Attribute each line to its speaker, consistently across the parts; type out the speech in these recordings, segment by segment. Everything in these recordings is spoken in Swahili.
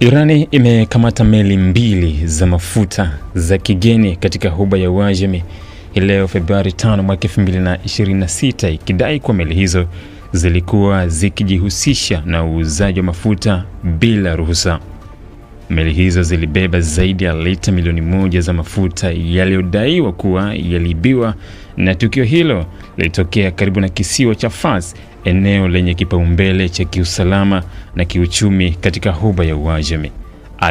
Speaker 1: Irani imekamata meli mbili za mafuta za kigeni katika Ghuba ya Uajemi leo Februari 5 mwaka 2026 ikidai kuwa meli hizo zilikuwa zikijihusisha na uuzaji wa mafuta bila ruhusa. Meli hizo zilibeba zaidi ya lita milioni moja za mafuta yaliyodaiwa kuwa yaliibiwa, na tukio hilo lilitokea karibu na kisiwa cha Fars eneo lenye kipaumbele cha kiusalama na kiuchumi katika huba ya Uajemi.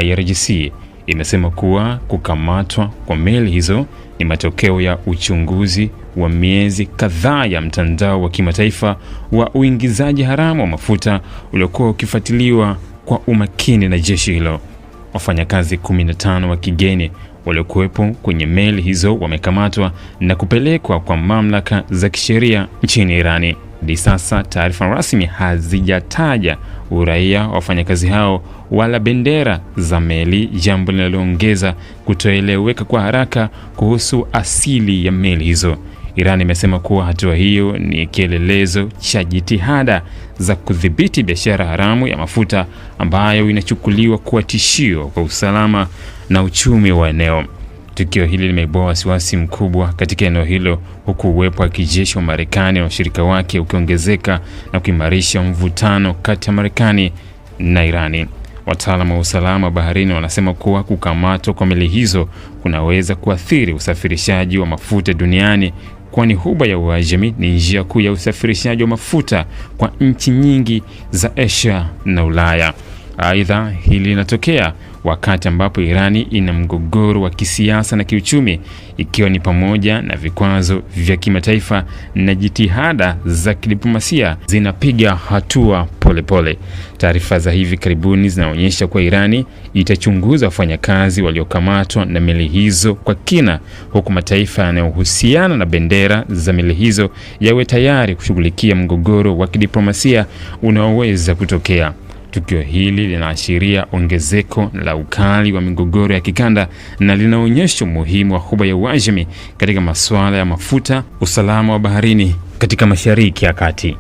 Speaker 1: IRGC imesema kuwa kukamatwa kwa meli hizo ni matokeo ya uchunguzi wa miezi kadhaa ya mtandao wa kimataifa wa uingizaji haramu wa mafuta uliokuwa ukifuatiliwa kwa umakini na jeshi hilo. Wafanyakazi 15 wa kigeni waliokuwepo kwenye meli hizo wamekamatwa na kupelekwa kwa mamlaka za kisheria nchini Irani. Hadi sasa taarifa rasmi hazijataja uraia wa wafanyakazi hao wala bendera za meli, jambo linaloongeza kutoeleweka kwa haraka kuhusu asili ya meli hizo. Iran imesema kuwa hatua hiyo ni kielelezo cha jitihada za kudhibiti biashara haramu ya mafuta ambayo inachukuliwa kuwa tishio kwa usalama na uchumi wa eneo. Tukio hili limeibua wasiwasi mkubwa katika eneo hilo huku uwepo wa kijeshi wa Marekani na washirika wake ukiongezeka na kuimarisha mvutano kati ya Marekani na Irani. Wataalamu wa usalama wa baharini wanasema kuwa kukamatwa kwa meli hizo kunaweza kuathiri usafirishaji wa mafuta duniani kwani huba ya Uajemi ni njia kuu ya usafirishaji wa mafuta kwa nchi nyingi za Asia na Ulaya. Aidha, hili linatokea wakati ambapo Irani ina mgogoro wa kisiasa na kiuchumi, ikiwa ni pamoja na vikwazo vya kimataifa na jitihada za kidiplomasia zinapiga hatua polepole. Taarifa za hivi karibuni zinaonyesha kuwa Irani itachunguza wafanyakazi waliokamatwa na meli hizo kwa kina, huku mataifa yanayohusiana na bendera za meli hizo yawe tayari kushughulikia mgogoro wa kidiplomasia unaoweza kutokea. Tukio hili linaashiria ongezeko la ukali wa migogoro ya kikanda na linaonyesha umuhimu wa Ghuba ya Uajemi katika masuala ya mafuta, usalama wa baharini katika Mashariki ya Kati.